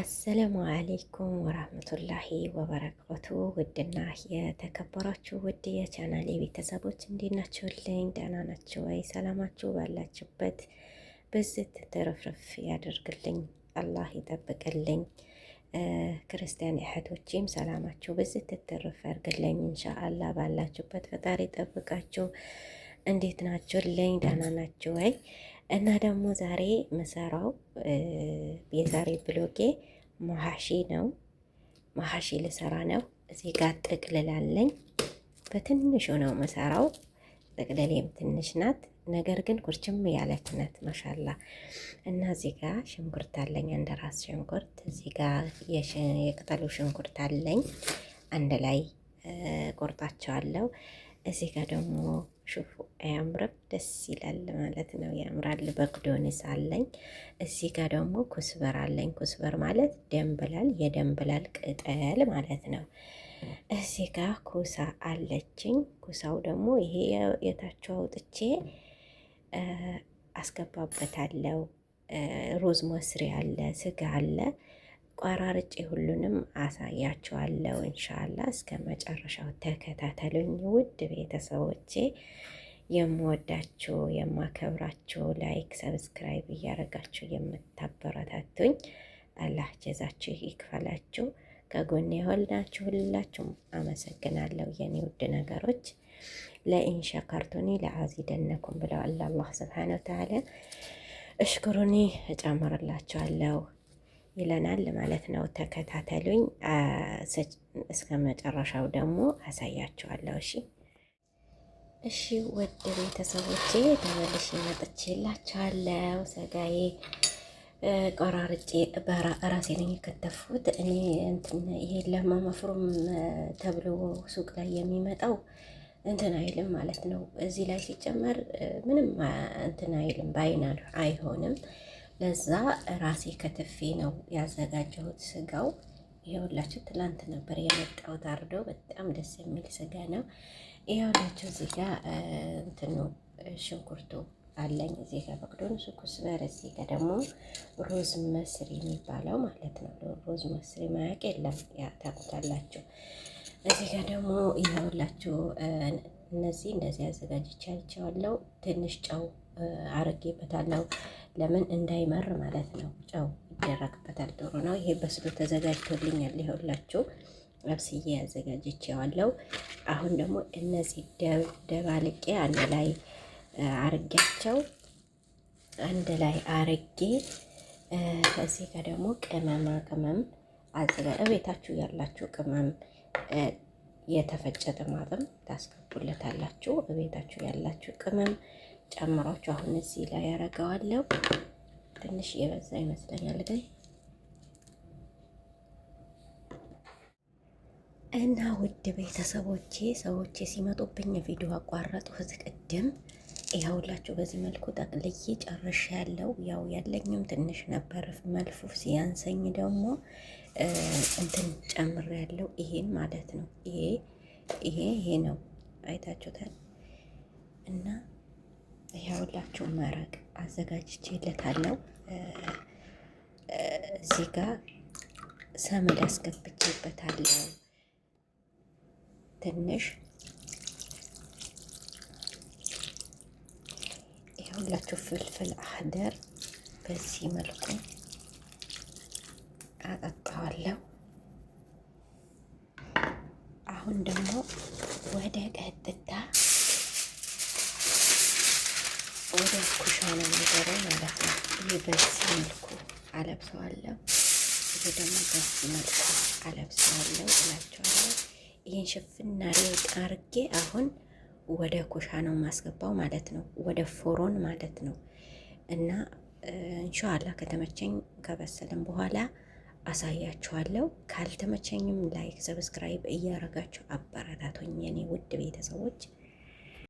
አሰላሙ አሌይኩም ወራህመቱላሂ ወበረካቱ። ውድና የተከበራችሁ ውድ የቻናሌ ቤተሰቦች እንዴት ናችሁልኝ? ደህና ናችሁ ወይ? ሰላማችሁ ባላችሁበት ብዝት ትርፍርፍ ያደርግልኝ፣ አላህ ይጠብቅልኝ። ክርስቲያን እህቶችም ሰላማችሁ ብዝት ትርፍ ያድርግልኝ። እንሻአላ ባላችሁበት ፈጣሪ ይጠብቃችሁ። እንዴት ናችሁልኝ? ደህና ናችሁ ወይ? እና ደግሞ ዛሬ ምሰራው የዛሬ ብሎጌ መሀሺ ነው። መሀሺ ልሰራ ነው። እዚህ ጋር ጥቅልላለኝ በትንሹ ነው ምሰራው። ጥቅልሌም ትንሽ ናት፣ ነገር ግን ኩርችም ያለች ናት። ማሻላ እና እዚህ ጋር ሽንኩርት አለኝ፣ አንድ ራስ ሽንኩርት። እዚህ ጋር የቅጠሉ ሽንኩርት አለኝ፣ አንድ ላይ ቆርጣቸዋለሁ። እዚህ ጋር ደግሞ ሹፉ አያምርም? ደስ ይላል ማለት ነው። ያምራል። በቅዶንስ አለኝ። እዚህ ጋር ደግሞ ኩስበር አለኝ። ኩስበር ማለት ደንብላል፣ የደንብላል ቅጠል ማለት ነው። እዚህ ጋር ኩሳ አለችኝ። ኩሳው ደግሞ ይሄ የታቸው አውጥቼ አስገባበታለው። ሩዝ መስሪ አለ፣ ስጋ አለ ቆራርጬ ሁሉንም አሳያችኋለሁ። እንሻላ እስከ መጨረሻው ተከታተሉኝ ውድ ቤተሰቦቼ። የምወዳችሁ የማከብራችሁ፣ ላይክ ሰብስክራይብ እያደረጋችሁ የምታበረታቱኝ አላህ ጀዛችሁ ይክፈላችሁ። ከጎን የሆናችሁ ሁላችሁም አመሰግናለሁ። የኔ ውድ ነገሮች ለኢን ሸከርቱኒ ለአዚደነኩም ብለዋል አላህ ስብሓነ ወተዓላ። እሽክሩኒ እጨምርላችኋለሁ። ይለናል ማለት ነው። ተከታተሉኝ እስከ መጨረሻው ደግሞ አሳያችኋለሁ። እሺ እሺ ውድ ቤተሰቦቼ ተመልሼ መጥቼላችኋለሁ። ስጋዬ ቆራርጬ በራሴ ነኝ የከተፍኩት። እኔ እንትን ይሄ ለማመፍሩም ተብሎ ሱቅ ላይ የሚመጣው እንትን አይልም ማለት ነው። እዚህ ላይ ሲጨመር ምንም እንትን አይልም፣ በአይን አይሆንም። ለዛ ራሴ ከትፌ ነው ያዘጋጀሁት። ስጋው ይኸውላችሁ ትላንት ነበር የመጣው ታርዶ፣ በጣም ደስ የሚል ስጋ ነው። ይኸውላችሁ እዚህ ጋ እንትኑ ሽንኩርቱ አለኝ እዚህ ጋ በቅዶን ሱኩስ በር፣ እዚህ ጋ ደግሞ ሮዝ መስሪ የሚባለው ማለት ነው። ሮዝ መስሪ ማያቅ የለም ታቁታላችሁ። እዚህ ጋ ደግሞ ይኸውላችሁ እነዚህ እንደዚህ አዘጋጅቻቸዋለሁ። ትንሽ ጨው አረጌበታለሁ። ለምን እንዳይመር ማለት ነው። ጨው ይደረግበታል። ጥሩ ነው። ይሄ በስሎ ተዘጋጅቶልኛል። ይኸውላችሁ አብስዬ ያዘጋጀችዋለሁ። አሁን ደግሞ እነዚህ ደባልቄ አንድ ላይ አርጌያቸው አንድ ላይ አርጌ ከዚህ ጋር ደግሞ ቅመማ ቅመም አዘጋ እቤታችሁ ያላችሁ ቅመም የተፈጨ ጥማጥም ታስገቡለታላችሁ። እቤታችሁ ያላችሁ ቅመም ጨምሯቸው አሁን እዚህ ላይ ያረገዋለሁ። ትንሽ የበዛ ይመስለኛል ግን እና ውድ ቤተሰቦቼ ሰዎቼ ሲመጡብኝ ቪዲዮ አቋረጡ ህዝ ቅድም ይኸውላችሁ በዚህ መልኩ ጠቅልዬ ጨርሼ ያለው ያው ያለኝም ትንሽ ነበር። መልፉ ሲያንሰኝ ደግሞ እንትን ጨምር ያለው ይሄን ማለት ነው። ይሄ ይሄ ይሄ ነው አይታችሁታል እና ይኸውላችሁ መረቅ አዘጋጅቼለታለሁ። እዚህ ጋር ሰመድ አስገብቼበታለሁ። ትንሽ ይኸውላችሁ ፍልፍል አህደር በዚህ መልኩ አጠጣዋለሁ። አሁን ደግሞ ወደ ቀጥታ ወደ ኩሻ ነው የሚገባው ማለት ነው። ይህ በዚህ መልኩ አለብሰዋለሁ። ይሄ ደግሞ በዚህ መልኩ አለብሰዋለሁ እላቸዋለሁ። ይህን ሽፍና ሬውጥ አርጌ አሁን ወደ ኩሻ ነው ማስገባው ማለት ነው። ወደ ፎሮን ማለት ነው እና እንሻላ ከተመቸኝ ከበሰልን በኋላ አሳያችኋለሁ። ካልተመቸኝም ላይክ ሰብስክራይብ እያረጋችሁ አበረታቶኝ የኔ ውድ ቤተሰቦች